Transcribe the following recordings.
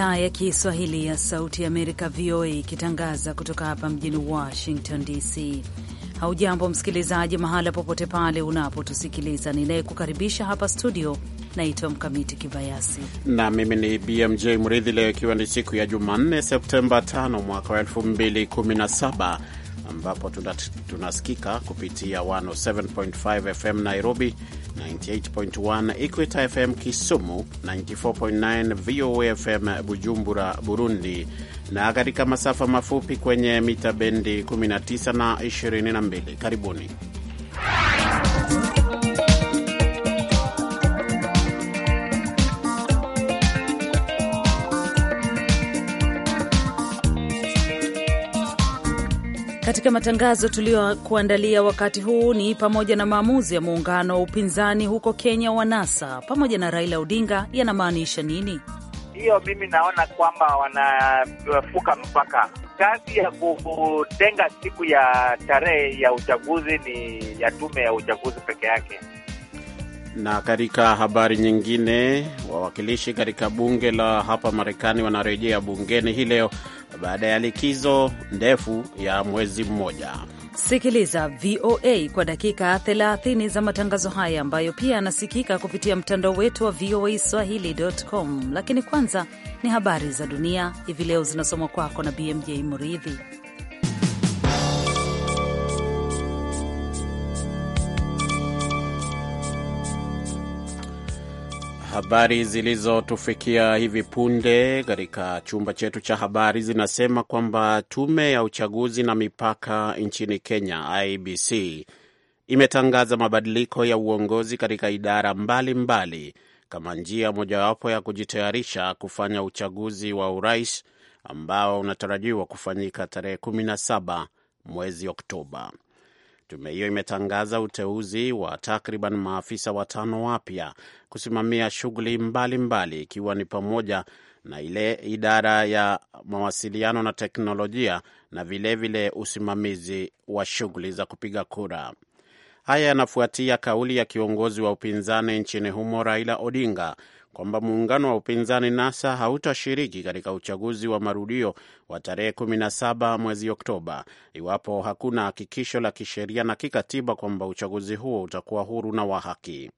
idhaa ya Kiswahili ya Sauti ya Amerika, VOA, ikitangaza kutoka hapa mjini Washington DC. Haujambo msikilizaji, mahala popote pale unapotusikiliza. Ninayekukaribisha hapa studio naitwa Mkamiti Kibayasi na mimi ni BMJ Mridhi. Leo ikiwa ni siku ya Jumanne, Septemba 5 mwaka wa 2017 ambapo tunasikika kupitia 107.5 FM Nairobi, 98.1 Equita FM Kisumu, 94.9 VOA FM Bujumbura, Burundi, na katika masafa mafupi kwenye mita bendi 19 na 22. Karibuni. Katika matangazo tuliyokuandalia wakati huu ni pamoja na maamuzi ya muungano wa upinzani huko Kenya wa NASA pamoja na Raila Odinga yanamaanisha nini? Hiyo mimi naona kwamba wanafuka mpaka. Kazi ya kutenga siku ya tarehe ya uchaguzi ni ya tume ya uchaguzi peke yake. Na katika habari nyingine, wawakilishi katika bunge la hapa Marekani wanarejea bungeni hii leo baada ya likizo ndefu ya mwezi mmoja. Sikiliza VOA kwa dakika 30 za matangazo haya ambayo pia yanasikika kupitia mtandao wetu wa VOA Swahili.com. Lakini kwanza ni habari za dunia hivi leo zinasomwa kwako na BMJ Muridhi. Habari zilizotufikia hivi punde katika chumba chetu cha habari zinasema kwamba tume ya uchaguzi na mipaka nchini Kenya, ibc imetangaza mabadiliko ya uongozi katika idara mbalimbali mbali, kama njia mojawapo ya kujitayarisha kufanya uchaguzi wa urais ambao unatarajiwa kufanyika tarehe 17 mwezi Oktoba. Tume hiyo imetangaza uteuzi wa takriban maafisa watano wapya kusimamia shughuli mbalimbali, ikiwa ni pamoja na ile idara ya mawasiliano na teknolojia na vilevile vile usimamizi wa shughuli za kupiga kura. Haya yanafuatia kauli ya kiongozi wa upinzani nchini humo Raila Odinga kwamba muungano wa upinzani NASA hautashiriki katika uchaguzi wa marudio wa tarehe 17 mwezi Oktoba iwapo hakuna hakikisho la kisheria na kikatiba kwamba uchaguzi huo utakuwa huru na wa haki.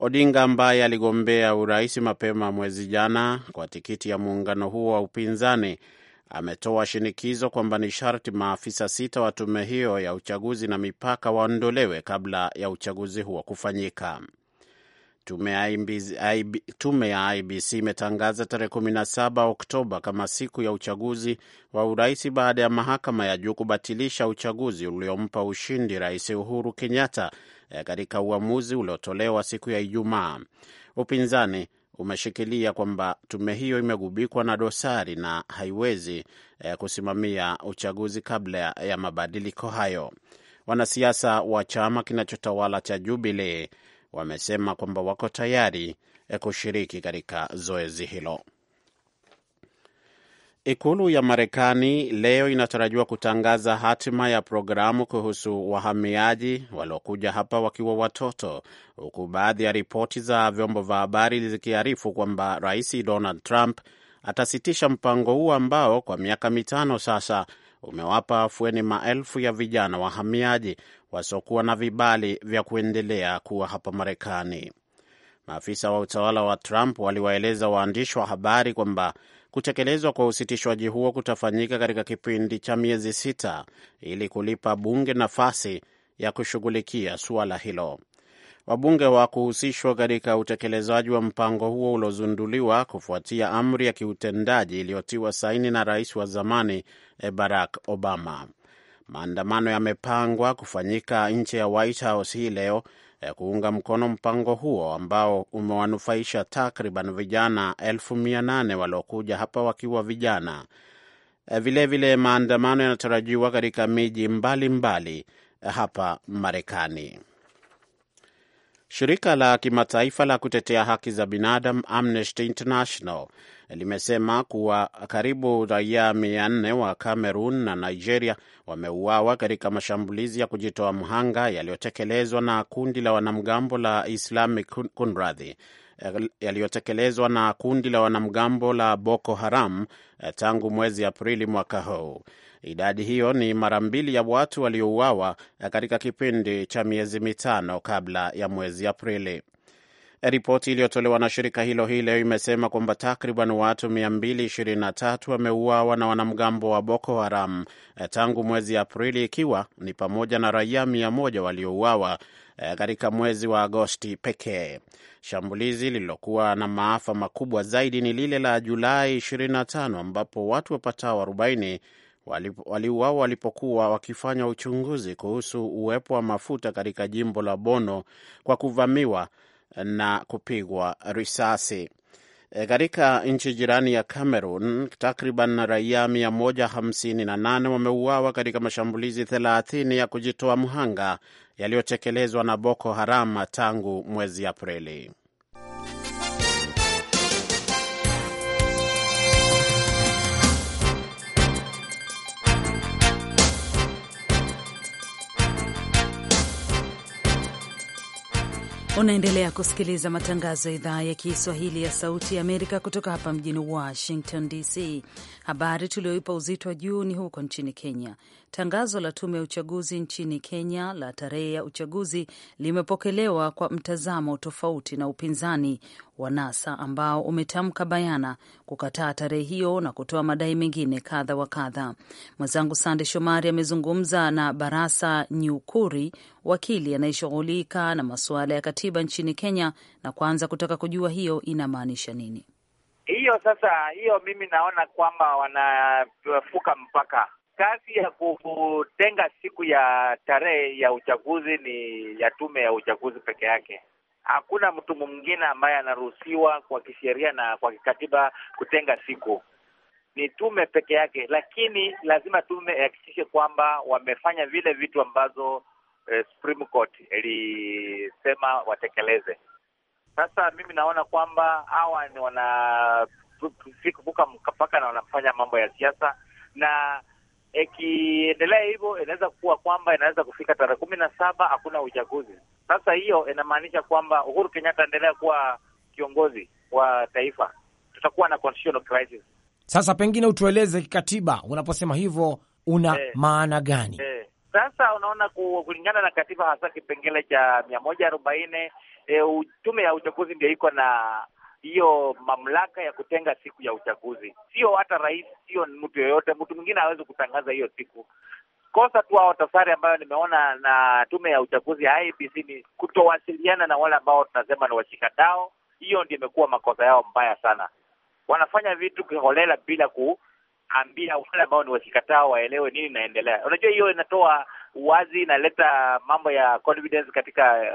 Odinga ambaye aligombea urais mapema mwezi jana kwa tikiti ya muungano huo wa upinzani ametoa shinikizo kwamba ni sharti maafisa sita wa tume hiyo ya uchaguzi na mipaka waondolewe kabla ya uchaguzi huo kufanyika. Tume ya IBC imetangaza tarehe 17 Oktoba kama siku ya uchaguzi wa urais baada ya mahakama ya juu kubatilisha uchaguzi uliompa ushindi Rais Uhuru Kenyatta e, katika uamuzi uliotolewa siku ya Ijumaa. Upinzani umeshikilia kwamba tume hiyo imegubikwa na dosari na haiwezi e, kusimamia uchaguzi kabla ya mabadiliko hayo. Wanasiasa wa chama kinachotawala cha Jubilee wamesema kwamba wako tayari eh, kushiriki katika zoezi hilo. Ikulu ya Marekani leo inatarajiwa kutangaza hatima ya programu kuhusu wahamiaji waliokuja hapa wakiwa watoto, huku baadhi ya ripoti za vyombo vya habari zikiarifu kwamba Rais Donald Trump atasitisha mpango huo ambao kwa miaka mitano sasa umewapa afueni maelfu ya vijana wahamiaji wasiokuwa na vibali vya kuendelea kuwa hapa Marekani. Maafisa wa utawala wa Trump waliwaeleza waandishi wa habari kwamba kutekelezwa kwa usitishwaji huo kutafanyika katika kipindi cha miezi sita ili kulipa bunge nafasi ya kushughulikia suala hilo wabunge wa kuhusishwa katika utekelezaji wa mpango huo uliozunduliwa kufuatia amri ya kiutendaji iliyotiwa saini na rais wa zamani eh, Barack Obama. Maandamano yamepangwa kufanyika nje ya White House hii leo ya eh, kuunga mkono mpango huo ambao umewanufaisha takriban vijana elfu mia nane waliokuja hapa wakiwa vijana. Vilevile eh, vile maandamano yanatarajiwa katika miji mbalimbali mbali hapa Marekani. Shirika la kimataifa la kutetea haki za binadamu Amnesty International limesema kuwa karibu raia mia nne wa Cameroon na Nigeria wameuawa katika mashambulizi ya kujitoa mhanga yaliyotekelezwa na kundi la wanamgambo la Islamic kunradhi yaliyotekelezwa na kundi la wanamgambo la Boko Haram eh, tangu mwezi Aprili mwaka huu. Idadi hiyo ni mara mbili ya watu waliouawa katika kipindi cha miezi mitano kabla ya mwezi Aprili. Ripoti iliyotolewa na shirika hilo hii leo imesema kwamba takriban watu 223 wameuawa na wanamgambo wa Boko Haram tangu mwezi Aprili, ikiwa ni pamoja na raia 100 waliouawa katika mwezi wa Agosti pekee. Shambulizi lililokuwa na maafa makubwa zaidi ni lile la Julai 25 ambapo watu wapatao waliuawa walipokuwa wakifanya uchunguzi kuhusu uwepo wa mafuta katika jimbo la Bono kwa kuvamiwa na kupigwa risasi. E, katika nchi jirani ya Cameroon, takriban raia 158 wameuawa katika mashambulizi 30 ya kujitoa mhanga yaliyotekelezwa na Boko Haram tangu mwezi Aprili. Unaendelea kusikiliza matangazo ya idhaa ya Kiswahili ya Sauti ya Amerika kutoka hapa mjini Washington DC. Habari tulioipa uzito wa juu ni huko nchini Kenya. Tangazo la tume ya uchaguzi nchini Kenya la tarehe ya uchaguzi limepokelewa kwa mtazamo tofauti na upinzani, wa NASA ambao umetamka bayana kukataa tarehe hiyo na kutoa madai mengine kadha wa kadha. Mwenzangu Sande Shomari amezungumza na Barasa Nyukuri, wakili anayeshughulika na masuala ya katiba nchini Kenya, na kwanza kutaka kujua hiyo inamaanisha nini. Hiyo sasa, hiyo mimi naona kwamba wanafuka mpaka kazi ya kutenga siku ya tarehe ya uchaguzi ni ya tume ya uchaguzi peke yake hakuna mtu mwingine ambaye anaruhusiwa kwa kisheria na kwa kikatiba kutenga siku, ni tume peke yake. Lakini lazima tume ihakikishe kwamba wamefanya vile vitu ambazo eh, Supreme Court ilisema watekeleze. Sasa mimi naona kwamba hawa ni kuvuka mpaka na wanafanya mambo ya siasa, na ikiendelea hivyo inaweza kuwa kwamba inaweza kufika tarehe kumi na saba hakuna uchaguzi. Sasa hiyo inamaanisha kwamba Uhuru Kenyatta endelea kuwa kiongozi wa taifa, tutakuwa na constitutional crisis. Sasa pengine utueleze kikatiba, unaposema hivyo una eh, maana gani eh? Sasa unaona, kulingana na katiba hasa kipengele cha mia moja arobaini eh, tume ya uchaguzi ndio iko na hiyo mamlaka ya kutenga siku ya uchaguzi, sio hata rais, sio mtu yoyote. Mtu mwingine hawezi kutangaza hiyo siku, kosa tu au tafsari ambayo nimeona na tume ya uchaguzi ya IBC e ni kutowasiliana na wale ambao tunasema ni washikadao. Hiyo ndio imekuwa makosa yao mbaya sana, wanafanya vitu kiholela bila kuambia wale ambao ni washikadao waelewe nini inaendelea. Unajua, hiyo inatoa uwazi, inaleta mambo ya confidence katika eh,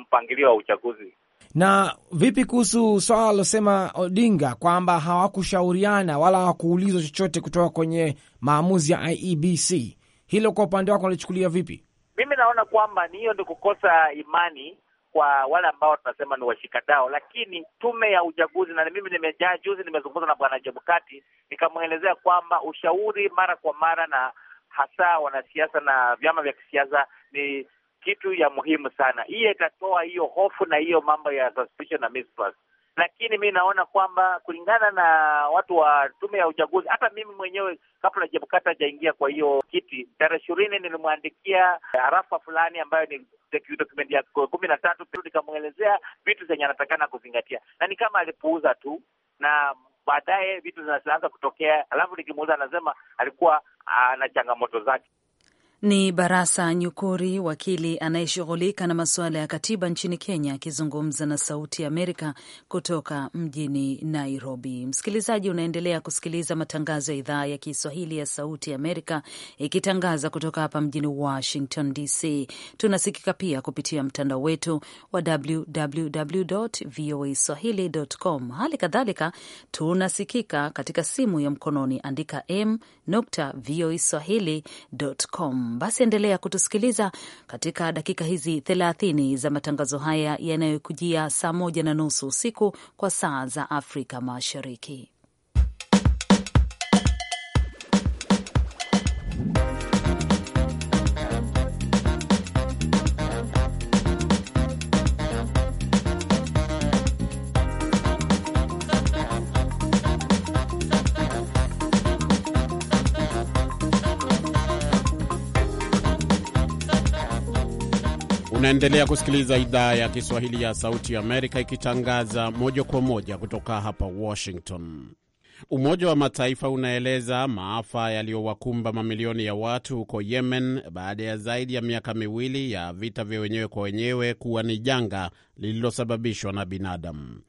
mpangilio wa uchaguzi. Na vipi kuhusu swala alilosema Odinga kwamba hawakushauriana wala hawakuulizwa chochote kutoka kwenye maamuzi ya IEBC? Hilo kwa upande wako unalichukulia vipi? Mimi naona kwamba ni hiyo ndio kukosa imani kwa wale ambao tunasema ni washikadao, lakini tume ya uchaguzi, na mimi nimejaa juzi, nimezungumza na bwana Jebukati nikamwelezea kwamba ushauri mara kwa mara na hasa wanasiasa na vyama vya kisiasa ni kitu ya muhimu sana. Hiyo itatoa hiyo hofu na hiyo mambo ya suspicion na mistrust lakini mi naona kwamba kulingana na watu wa tume ya uchaguzi, hata mimi mwenyewe kabla Jebukata hajaingia kwa hiyo kiti, tarehe ishirini nilimwandikia harafa fulani ambayo ni document ya kumi na tatu, nikamwelezea vitu zenye anatakana kuzingatia, na ni kama alipuuza tu, na baadaye vitu zinaanza kutokea. Alafu nikimuuliza anasema alikuwa ana changamoto zake. Ni Barasa Nyukuri, wakili anayeshughulika na masuala ya katiba nchini Kenya, akizungumza na Sauti ya Amerika kutoka mjini Nairobi. Msikilizaji, unaendelea kusikiliza matangazo ya idhaa ya Kiswahili ya Sauti Amerika, ikitangaza kutoka hapa mjini Washington DC. Tunasikika pia kupitia mtandao wetu wa www voa swahili.com. Hali kadhalika tunasikika katika simu ya mkononi, andika m voa swahili.com basi endelea kutusikiliza katika dakika hizi thelathini za matangazo haya yanayokujia saa moja na nusu usiku kwa saa za Afrika Mashariki. Unaendelea kusikiliza idhaa ya Kiswahili ya Sauti ya Amerika ikitangaza moja kwa moja kutoka hapa Washington. Umoja wa Mataifa unaeleza maafa yaliyowakumba mamilioni ya watu huko Yemen baada ya zaidi ya miaka miwili ya vita vya wenyewe kwa wenyewe kuwa ni janga lililosababishwa na binadamu.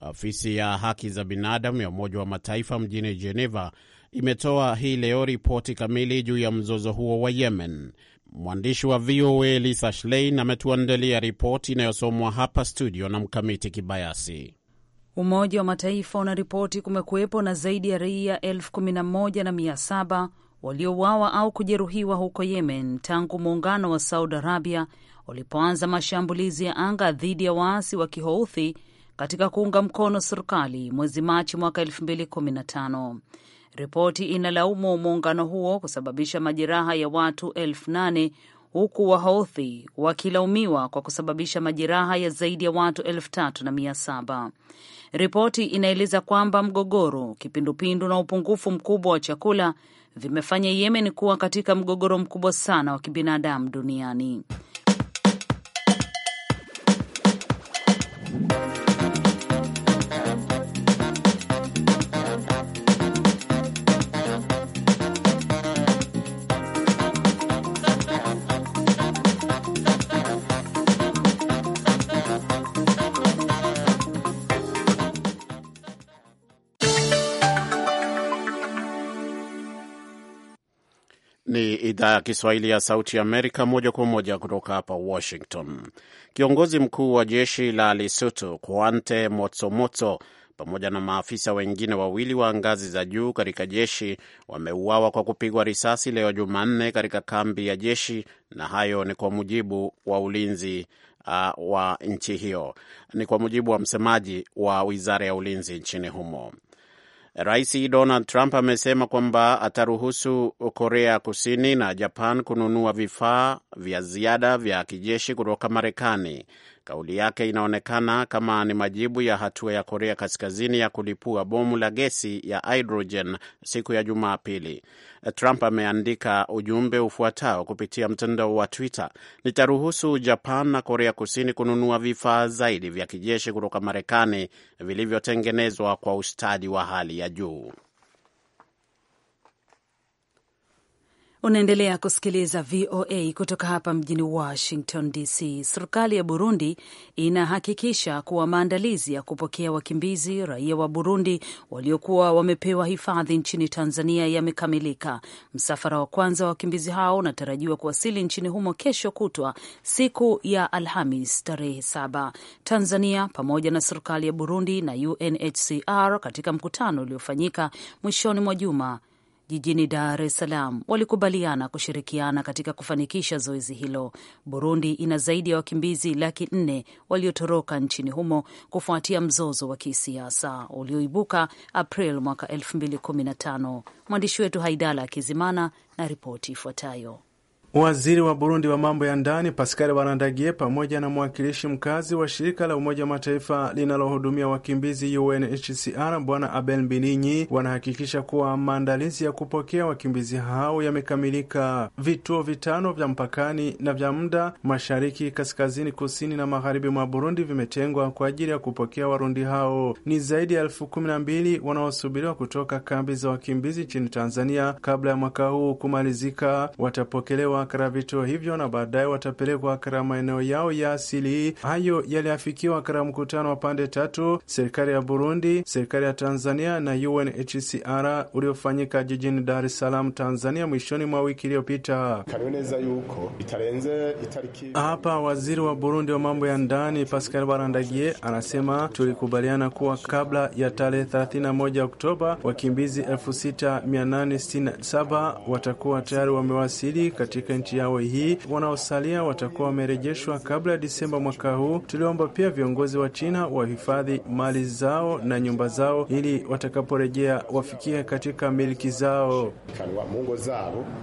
Ofisi ya haki za binadamu ya Umoja wa Mataifa mjini Geneva imetoa hii leo ripoti kamili juu ya mzozo huo wa Yemen. Mwandishi wa VOA Lisa Schlein ametuandalia ripoti inayosomwa hapa studio na Mkamiti Kibayasi. Umoja wa Mataifa unaripoti kumekuwepo na zaidi ya raia elfu kumi na moja na mia saba waliouawa au kujeruhiwa huko Yemen tangu muungano wa Saudi Arabia ulipoanza mashambulizi ya anga dhidi ya waasi wa Kihouthi katika kuunga mkono serikali mwezi Machi mwaka 215 Ripoti inalaumu muungano huo kusababisha majeraha ya watu elfu nane huku Wahouthi wakilaumiwa kwa kusababisha majeraha ya zaidi ya watu elfu tatu na mia saba. Ripoti inaeleza kwamba mgogoro, kipindupindu na upungufu mkubwa wa chakula vimefanya Yemen kuwa katika mgogoro mkubwa sana wa kibinadamu duniani. idhaa ya Kiswahili ya Sauti Amerika moja kwa moja kutoka hapa Washington. Kiongozi mkuu wa jeshi la Lesotho Kuante Motsomotso pamoja na maafisa wengine wawili wa ngazi za juu katika jeshi wameuawa kwa kupigwa risasi leo Jumanne katika kambi ya jeshi, na hayo ni kwa mujibu wa ulinzi uh, wa nchi hiyo, ni kwa mujibu wa msemaji wa wizara ya ulinzi nchini humo. Rais Donald Trump amesema kwamba ataruhusu Korea Kusini na Japan kununua vifaa vya ziada vya kijeshi kutoka Marekani. Kauli yake inaonekana kama ni majibu ya hatua ya Korea Kaskazini ya kulipua bomu la gesi ya hidrojen siku ya Jumapili. Trump ameandika ujumbe ufuatao kupitia mtandao wa Twitter: nitaruhusu Japan na Korea Kusini kununua vifaa zaidi vya kijeshi kutoka Marekani vilivyotengenezwa kwa ustadi wa hali ya juu. Unaendelea kusikiliza VOA kutoka hapa mjini Washington DC. Serikali ya Burundi inahakikisha kuwa maandalizi ya kupokea wakimbizi raia wa Burundi waliokuwa wamepewa hifadhi nchini Tanzania yamekamilika. Msafara wa kwanza wa wakimbizi hao unatarajiwa kuwasili nchini humo kesho kutwa, siku ya Alhamis tarehe saba. Tanzania pamoja na serikali ya Burundi na UNHCR katika mkutano uliofanyika mwishoni mwa juma jijini Dar es Salaam walikubaliana kushirikiana katika kufanikisha zoezi hilo. Burundi ina zaidi ya wakimbizi laki nne waliotoroka nchini humo kufuatia mzozo wa kisiasa ulioibuka April mwaka 2015. Mwandishi wetu Haidala Kizimana na ripoti ifuatayo. Waziri wa Burundi wa mambo ya ndani Pascal Barandagie pamoja na mwakilishi mkazi wa shirika la Umoja Mataifa linalohudumia wakimbizi UNHCR Bwana Abel Bininyi wanahakikisha kuwa maandalizi ya kupokea wakimbizi hao yamekamilika. Vituo vitano vya mpakani na vya muda mashariki, kaskazini, kusini na magharibi mwa Burundi vimetengwa kwa ajili ya kupokea Warundi hao. Ni zaidi ya elfu kumi na mbili wanaosubiriwa kutoka kambi za wakimbizi nchini Tanzania. Kabla ya mwaka huu kumalizika, watapokelewa wakra vituo hivyo na baadaye watapelekwa wakra maeneo yao ya asili. Hayo yaliafikiwa katika mkutano wa pande tatu, serikali ya Burundi, serikali ya Tanzania na UNHCR uliofanyika jijini Dar es Salaam, Tanzania mwishoni mwa wiki iliyopita. Hapa waziri wa Burundi wa mambo ya ndani Pascal Barandagie anasema tulikubaliana kuwa kabla ya tarehe 31 Oktoba wakimbizi 6867 watakuwa tayari wamewasili katika katika nchi yao hii. Wanaosalia watakuwa wamerejeshwa kabla ya Disemba mwaka huu. Tuliomba pia viongozi wa China wahifadhi mali zao na nyumba zao ili watakaporejea wafikie katika miliki zao.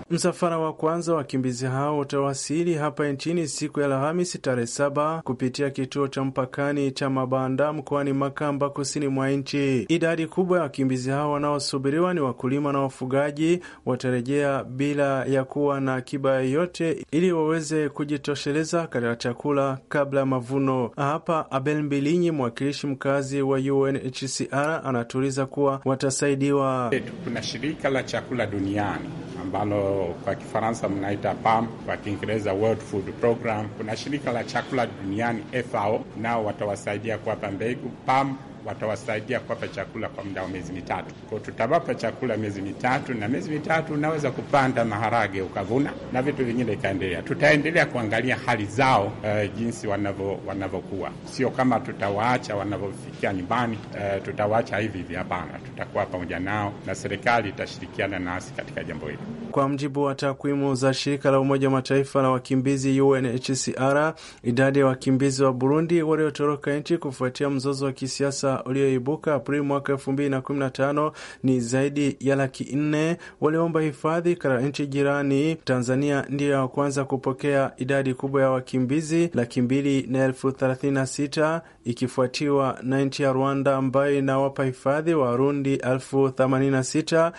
Msafara wa kwanza wa wakimbizi hao utawasili hapa nchini siku ya Alhamisi tarehe saba kupitia kituo cha mpakani cha Mabanda mkoani Makamba, kusini mwa nchi. Idadi kubwa ya wakimbizi hao wanaosubiriwa ni wakulima na wafugaji, watarejea bila ya kuwa na akiba mashamba yote ili waweze kujitosheleza katika chakula kabla ya mavuno. Hapa Abel Mbilinyi, mwakilishi mkazi wa UNHCR, anatuliza kuwa watasaidiwa. Kuna shirika la chakula duniani ambalo kwa Kifaransa mnaita PAM, kwa Kiingereza World Food Program. Kuna shirika la chakula duniani FAO, nao watawasaidia kuwapa mbegu PAM watawasaidia kuwapa chakula kwa muda wa miezi mitatu. Kwa tutawapa chakula miezi mitatu, na miezi mitatu unaweza kupanda maharage ukavuna na vitu vingine ikaendelea. Tutaendelea kuangalia hali zao, uh, jinsi wanavyo wanavyokuwa, sio kama tutawaacha wanavyofikia nyumbani, uh, tutawaacha hivi hivi. Hapana, tutakuwa pamoja nao na serikali itashirikiana nasi katika jambo hili. Kwa mjibu wa takwimu za shirika la Umoja wa Mataifa la wakimbizi UNHCR, idadi ya wakimbizi wa Burundi waliotoroka nchi kufuatia mzozo wa kisiasa ulioibuka Aprili mwaka elfu mbili na na kumi tano ni zaidi ya laki nne waliomba hifadhi katika nchi jirani. Tanzania ndiyo ya kwanza kupokea idadi kubwa ya wakimbizi laki mbili na elfu thelathini na sita ikifuatiwa na nchi ya Rwanda ambayo inawapa hifadhi Warundi elfu 86.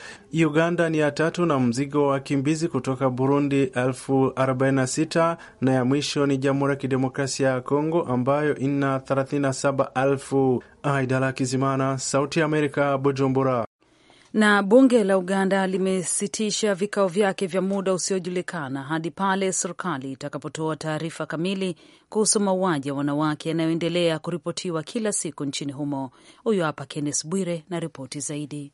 Uganda ni ya tatu na mzigo wa wakimbizi kutoka Burundi elfu 46, na ya mwisho ni Jamhuri ya Kidemokrasia ya Kongo ambayo ina 37 elfu. Aidala Kizimana, Sauti ya Amerika, Bujumbura. Na bunge la Uganda limesitisha vikao vyake vya muda usiojulikana hadi pale serikali itakapotoa taarifa kamili kuhusu mauaji ya wanawake yanayoendelea kuripotiwa kila siku nchini humo. Huyo hapa kennes Bwire na ripoti zaidi.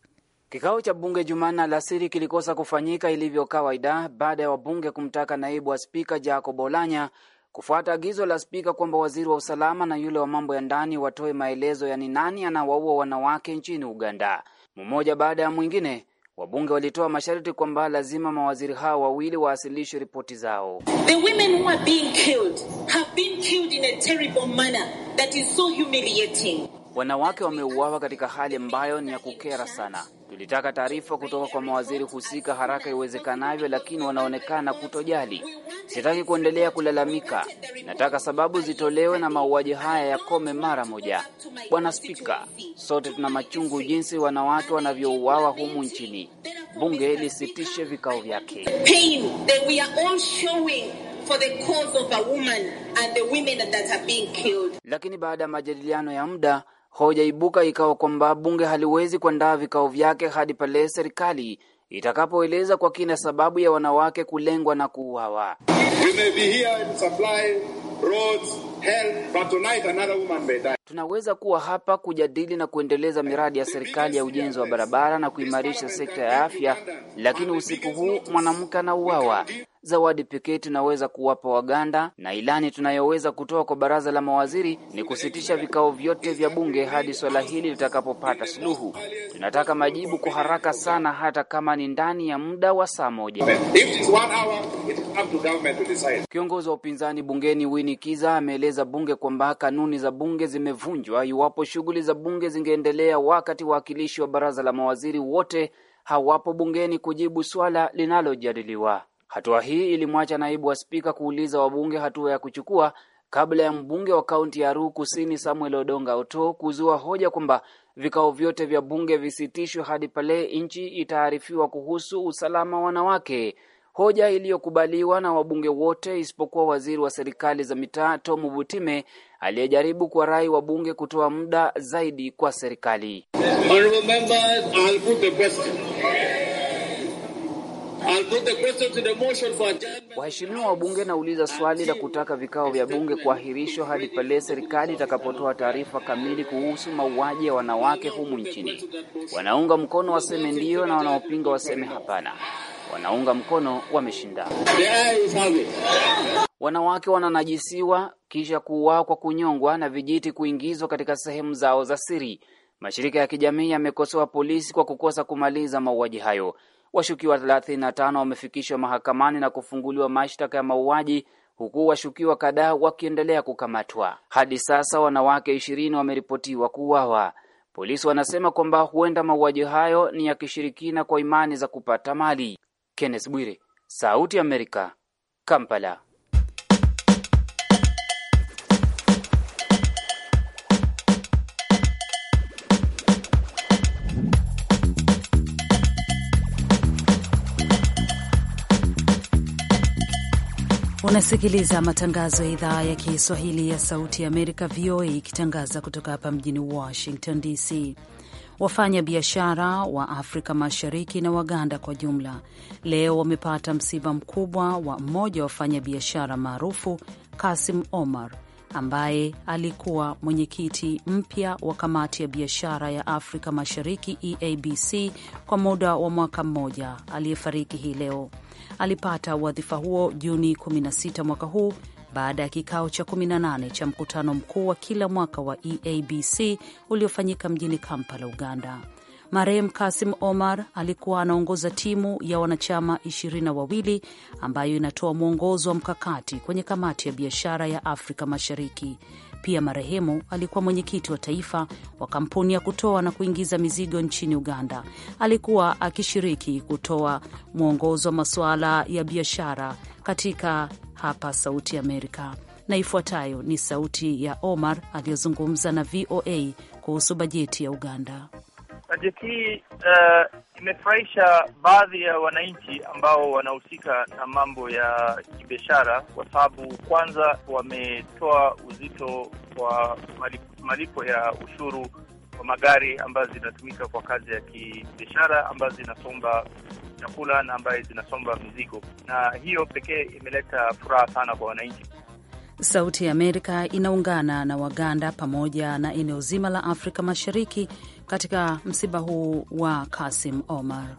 Kikao cha bunge Jumanne alasiri kilikosa kufanyika ilivyo kawaida baada ya wabunge kumtaka naibu wa spika Jacob Olanya kufuata agizo la spika kwamba waziri wa usalama na yule wa mambo ya ndani watoe maelezo ya ni nani anawaua wanawake nchini Uganda. Mmoja baada ya mwingine wabunge walitoa masharti kwamba lazima mawaziri hao wawili waasilishe ripoti zao. The women who are being killed have been killed in a terrible manner that is so humiliating. Wanawake wameuawa katika hali ambayo ni ya kukera sana Tulitaka taarifa kutoka kwa mawaziri husika haraka iwezekanavyo, lakini wanaonekana kutojali. Sitaki kuendelea kulalamika, nataka sababu zitolewe na mauaji haya yakome mara moja. Bwana Spika, sote tuna machungu jinsi wanawake wanavyouawa humu nchini. Bunge lisitishe vikao vyake. For the cause of a woman and the women that killed. Lakini baada ya majadiliano ya muda hoja ibuka ikawa kwamba bunge haliwezi kuandaa vikao vyake hadi pale serikali itakapoeleza kwa kina sababu ya wanawake kulengwa na kuuawa tunaweza kuwa hapa kujadili na kuendeleza miradi ya serikali ya ujenzi wa barabara na kuimarisha sekta ya afya, lakini usiku huu mwanamke anauawa. Zawadi pekee tunaweza kuwapa Waganda na ilani tunayoweza kutoa kwa baraza la mawaziri ni kusitisha vikao vyote vya bunge hadi swala hili litakapopata suluhu. Tunataka majibu kwa haraka sana, hata kama ni ndani ya muda wa saa moja. Kiongozi wa upinzani bungeni Winnie Kiza ameeleza bunge kwamba kanuni za bunge zime zimevunjwa iwapo shughuli za bunge zingeendelea wakati wawakilishi wa baraza la mawaziri wote hawapo bungeni kujibu swala linalojadiliwa. Hatua hii ilimwacha naibu wa spika kuuliza wabunge hatua ya kuchukua kabla ya mbunge wa kaunti ya Aru Kusini Samuel Odonga Oto kuzua hoja kwamba vikao vyote vya bunge visitishwe hadi pale nchi itaarifiwa kuhusu usalama wanawake hoja iliyokubaliwa na wabunge wote isipokuwa waziri wa serikali za mitaa Tom Butime aliyejaribu kuwarai wabunge kutoa muda zaidi kwa serikali. Waheshimiwa wabunge, nauliza swali la kutaka vikao vya bunge kuahirishwa hadi pale serikali itakapotoa taarifa kamili kuhusu mauaji ya wanawake humu nchini. Wanaunga mkono waseme ndio na wanaopinga waseme hapana wanaunga mkono wameshinda. Wanawake wananajisiwa kisha kuuawa kwa kunyongwa na vijiti kuingizwa katika sehemu zao za siri. Mashirika ya kijamii yamekosoa polisi kwa kukosa kumaliza mauaji hayo. Washukiwa 35 wamefikishwa mahakamani na kufunguliwa mashtaka ya mauaji huku washukiwa kadhaa wakiendelea kukamatwa. Hadi sasa wanawake 20 wameripotiwa kuuawa. Polisi wanasema kwamba huenda mauaji hayo ni ya kishirikina kwa imani za kupata mali. Kenneth Bwire, Sauti Amerika, Kampala. Unasikiliza matangazo ya idhaa ya Kiswahili ya Sauti ya Amerika, VOA, ikitangaza kutoka hapa mjini Washington DC. Wafanya biashara wa Afrika Mashariki na Waganda kwa jumla leo wamepata msiba mkubwa wa mmoja wa wafanya biashara maarufu Kasim Omar ambaye alikuwa mwenyekiti mpya wa kamati ya biashara ya Afrika Mashariki EABC kwa muda wa mwaka mmoja, aliyefariki hii leo. Alipata wadhifa huo Juni 16 mwaka huu baada ya kikao cha 18 cha mkutano mkuu wa kila mwaka wa EABC uliofanyika mjini Kampala, Uganda. Marehemu Kasim Omar alikuwa anaongoza timu ya wanachama ishirini na wawili ambayo inatoa mwongozo wa mkakati kwenye kamati ya biashara ya Afrika Mashariki. Pia marehemu alikuwa mwenyekiti wa taifa wa kampuni ya kutoa na kuingiza mizigo nchini Uganda. Alikuwa akishiriki kutoa mwongozo wa masuala ya biashara katika hapa Sauti Amerika, na ifuatayo ni sauti ya Omar aliyozungumza na VOA kuhusu bajeti ya Uganda. Bajeti hii uh, imefurahisha baadhi ya wananchi ambao wanahusika na mambo ya kibiashara, kwa sababu kwanza wametoa uzito kwa malipo ya ushuru kwa magari ambazo zinatumika kwa kazi ya kibiashara, ambazo zinasomba chakula na ambaye zinasomba mizigo, na hiyo pekee imeleta furaha sana kwa wananchi. Sauti ya Amerika inaungana na Waganda pamoja na eneo zima la Afrika Mashariki katika msiba huu wa Kasim Omar.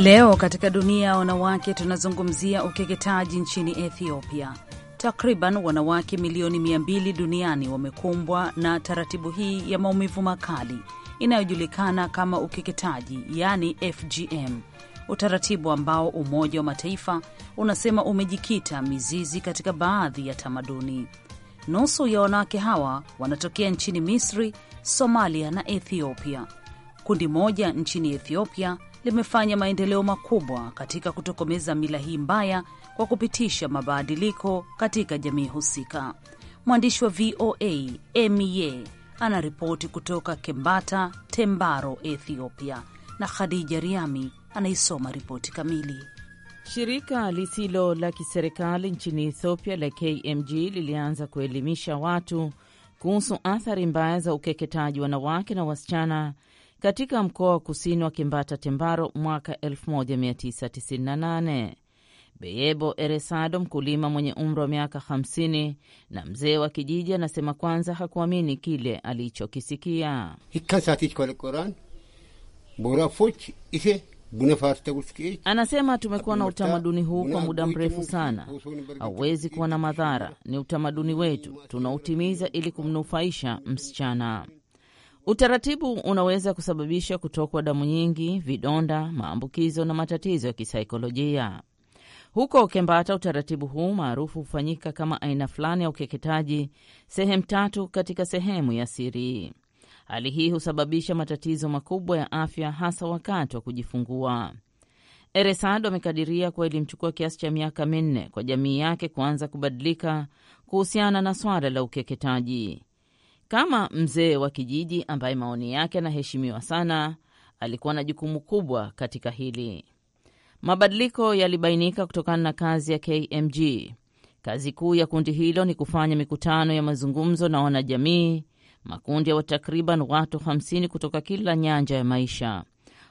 Leo katika dunia ya wanawake tunazungumzia ukeketaji nchini Ethiopia. Takriban wanawake milioni m20 duniani wamekumbwa na taratibu hii ya maumivu makali inayojulikana kama ukeketaji, yaani FGM, utaratibu ambao Umoja wa Mataifa unasema umejikita mizizi katika baadhi ya tamaduni. Nusu ya wanawake hawa wanatokea nchini Misri, Somalia na Ethiopia. Kundi moja nchini Ethiopia limefanya maendeleo makubwa katika kutokomeza mila hii mbaya kwa kupitisha mabadiliko katika jamii husika. Mwandishi wa VOA Emie anaripoti kutoka Kembata, Tembaro, Ethiopia, na Khadija Riami anaisoma ripoti kamili. Shirika lisilo la kiserikali nchini Ethiopia la KMG lilianza kuelimisha watu kuhusu athari mbaya za ukeketaji wanawake na wasichana katika mkoa wa kusini wa Kimbata Tembaro mwaka 1998. Beyebo Eresado, mkulima mwenye umri wa miaka 50 na mzee wa kijiji, anasema kwanza hakuamini kile alichokisikia. Anasema tumekuwa na utamaduni huu kwa muda mrefu sana, hauwezi kuwa na madhara. Ni utamaduni wetu, tunautimiza ili kumnufaisha msichana. Utaratibu unaweza kusababisha kutokwa damu nyingi, vidonda, maambukizo na matatizo ya kisaikolojia. Huko Kembata, utaratibu huu maarufu hufanyika kama aina fulani ya ukeketaji sehemu tatu katika sehemu ya siri. Hali hii husababisha matatizo makubwa ya afya, hasa wakati wa kujifungua. Eresado amekadiria kuwa ilimchukua kiasi cha miaka minne kwa jamii yake kuanza kubadilika kuhusiana na swala la ukeketaji. Kama mzee wa kijiji ambaye maoni yake anaheshimiwa sana, alikuwa na jukumu kubwa katika hili. Mabadiliko yalibainika kutokana na kazi ya KMG. Kazi kuu ya kundi hilo ni kufanya mikutano ya mazungumzo na wanajamii, makundi ya wa takriban watu 50 kutoka kila nyanja ya maisha,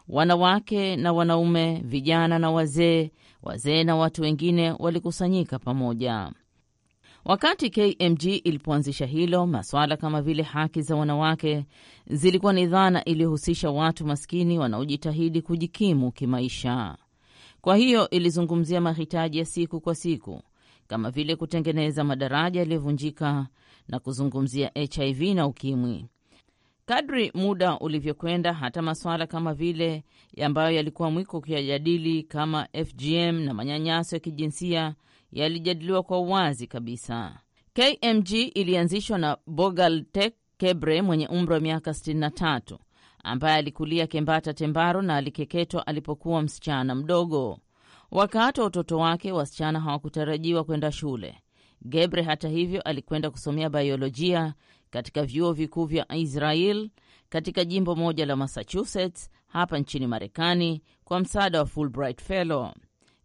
wanawake na wanaume, vijana na wazee, wazee na watu wengine walikusanyika pamoja. Wakati KMG ilipoanzisha hilo, masuala kama vile haki za wanawake zilikuwa ni dhana iliyohusisha watu maskini wanaojitahidi kujikimu kimaisha. Kwa hiyo ilizungumzia mahitaji ya siku kwa siku kama vile kutengeneza madaraja yaliyovunjika na kuzungumzia HIV na ukimwi. Kadri muda ulivyokwenda, hata masuala kama vile ambayo yalikuwa mwiko kuyajadili kama FGM na manyanyaso ya kijinsia yalijadiliwa kwa uwazi kabisa. KMG ilianzishwa na Bogaltek Kebre mwenye umri wa miaka 63 ambaye alikulia Kembata Tembaro na alikeketwa alipokuwa msichana mdogo. Wakati wa utoto wake, wasichana hawakutarajiwa kwenda shule. Gebre hata hivyo alikwenda kusomea biolojia katika vyuo vikuu vya Israel katika jimbo moja la Massachusetts hapa nchini Marekani kwa msaada wa Fulbright Fellow.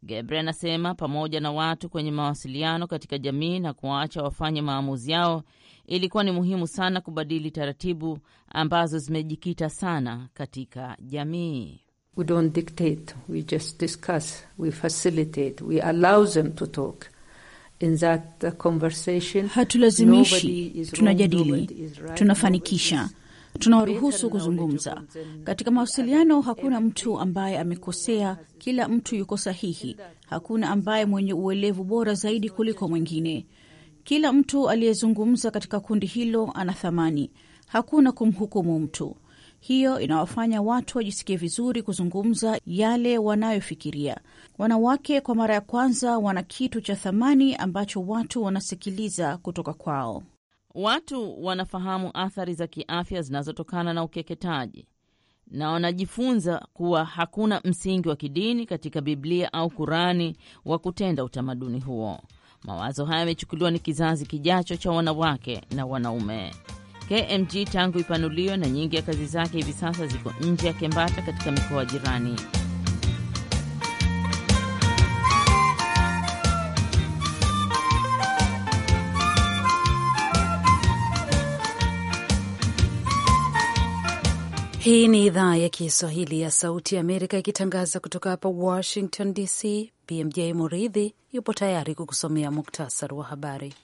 Gebre anasema pamoja na watu kwenye mawasiliano katika jamii na kuwaacha wafanye maamuzi yao, ilikuwa ni muhimu sana kubadili taratibu ambazo zimejikita sana katika jamii. We don't dictate, we just discuss, we facilitate, we allow them to talk. Hatulazimishi, tunajadili, tunafanikisha tunawaruhusu kuzungumza. Katika mawasiliano, hakuna mtu ambaye amekosea, kila mtu yuko sahihi. Hakuna ambaye mwenye uelevu bora zaidi kuliko mwingine. Kila mtu aliyezungumza katika kundi hilo ana thamani. Hakuna kumhukumu mtu. Hiyo inawafanya watu wajisikie vizuri kuzungumza yale wanayofikiria. Wanawake kwa mara ya kwanza wana kitu cha thamani ambacho watu wanasikiliza kutoka kwao. Watu wanafahamu athari za kiafya zinazotokana na ukeketaji na wanajifunza kuwa hakuna msingi wa kidini katika Biblia au Kurani wa kutenda utamaduni huo. Mawazo haya yamechukuliwa ni kizazi kijacho cha wanawake na wanaume. KMG tangu ipanuliwe na nyingi ya kazi zake hivi sasa ziko nje ya Kembata katika mikoa jirani. Hii ni idhaa ya Kiswahili ya Sauti ya Amerika ikitangaza kutoka hapa Washington DC. BMJ Muridhi yupo tayari kukusomea muktasari wa habari.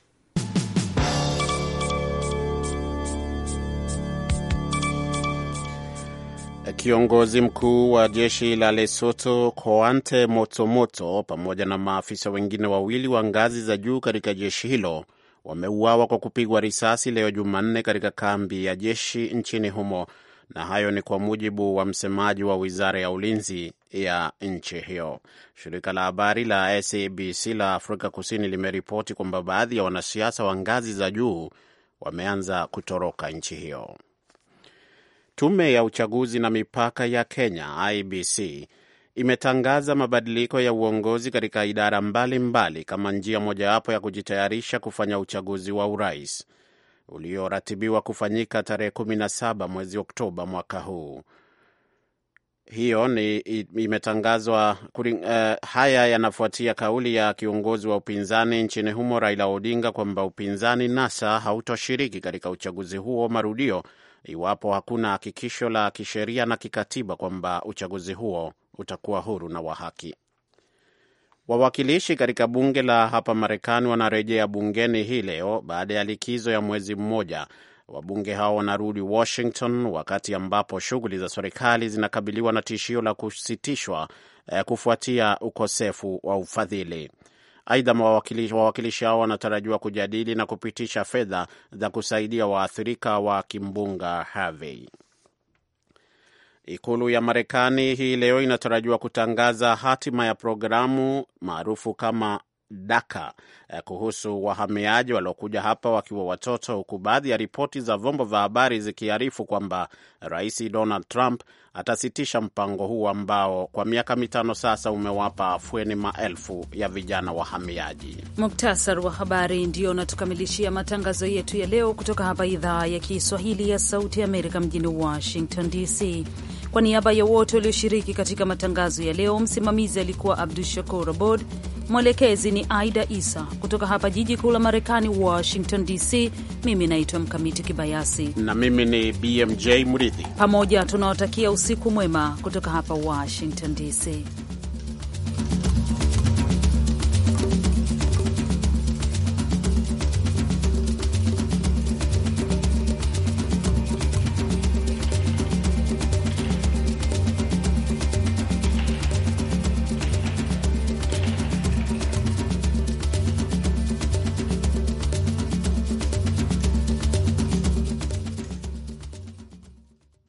Kiongozi mkuu wa jeshi la lesoto Koante Motomoto pamoja na maafisa wengine wawili wa ngazi za juu katika jeshi hilo wameuawa kwa kupigwa risasi leo Jumanne katika kambi ya jeshi nchini humo na hayo ni kwa mujibu wa msemaji wa wizara ya ulinzi ya nchi hiyo. Shirika la habari la SABC la Afrika Kusini limeripoti kwamba baadhi ya wanasiasa wa ngazi za juu wameanza kutoroka nchi hiyo. Tume ya uchaguzi na mipaka ya Kenya IBC imetangaza mabadiliko ya uongozi katika idara mbalimbali mbali, kama njia mojawapo ya kujitayarisha kufanya uchaguzi wa urais ulioratibiwa kufanyika tarehe 17 mwezi Oktoba mwaka huu. Hiyo ni imetangazwa kuring, uh, haya yanafuatia kauli ya kiongozi wa upinzani nchini humo Raila Odinga kwamba upinzani NASA hautoshiriki katika uchaguzi huo marudio iwapo hakuna hakikisho la kisheria na kikatiba kwamba uchaguzi huo utakuwa huru na wa haki. Wawakilishi katika bunge la hapa Marekani wanarejea bungeni hii leo baada ya likizo ya mwezi mmoja. Wabunge hao wanarudi Washington wakati ambapo shughuli za serikali zinakabiliwa na tishio la kusitishwa eh, kufuatia ukosefu wa ufadhili. Aidha, wawakilishi, hao wanatarajiwa kujadili na kupitisha fedha za kusaidia waathirika wa kimbunga Harvey. Ikulu ya Marekani hii leo inatarajiwa kutangaza hatima ya programu maarufu kama daka eh, kuhusu wahamiaji waliokuja hapa wakiwa watoto, huku baadhi ya ripoti za vyombo vya habari zikiarifu kwamba Rais Donald Trump atasitisha mpango huu ambao kwa miaka mitano sasa umewapa afueni maelfu ya vijana wahamiaji. Muktasar wa habari ndio unatukamilishia matangazo yetu ya leo kutoka hapa idhaa ya Kiswahili ya Sauti ya Amerika mjini Washington DC. Kwa niaba ya wote walioshiriki katika matangazo ya leo, msimamizi alikuwa Abdu Shakur Abod, mwelekezi ni Aida Isa. Kutoka hapa jiji kuu la Marekani, Washington DC, mimi naitwa Mkamiti Kibayasi na mimi ni BMJ Murithi. Pamoja tunawatakia usiku mwema kutoka hapa Washington DC.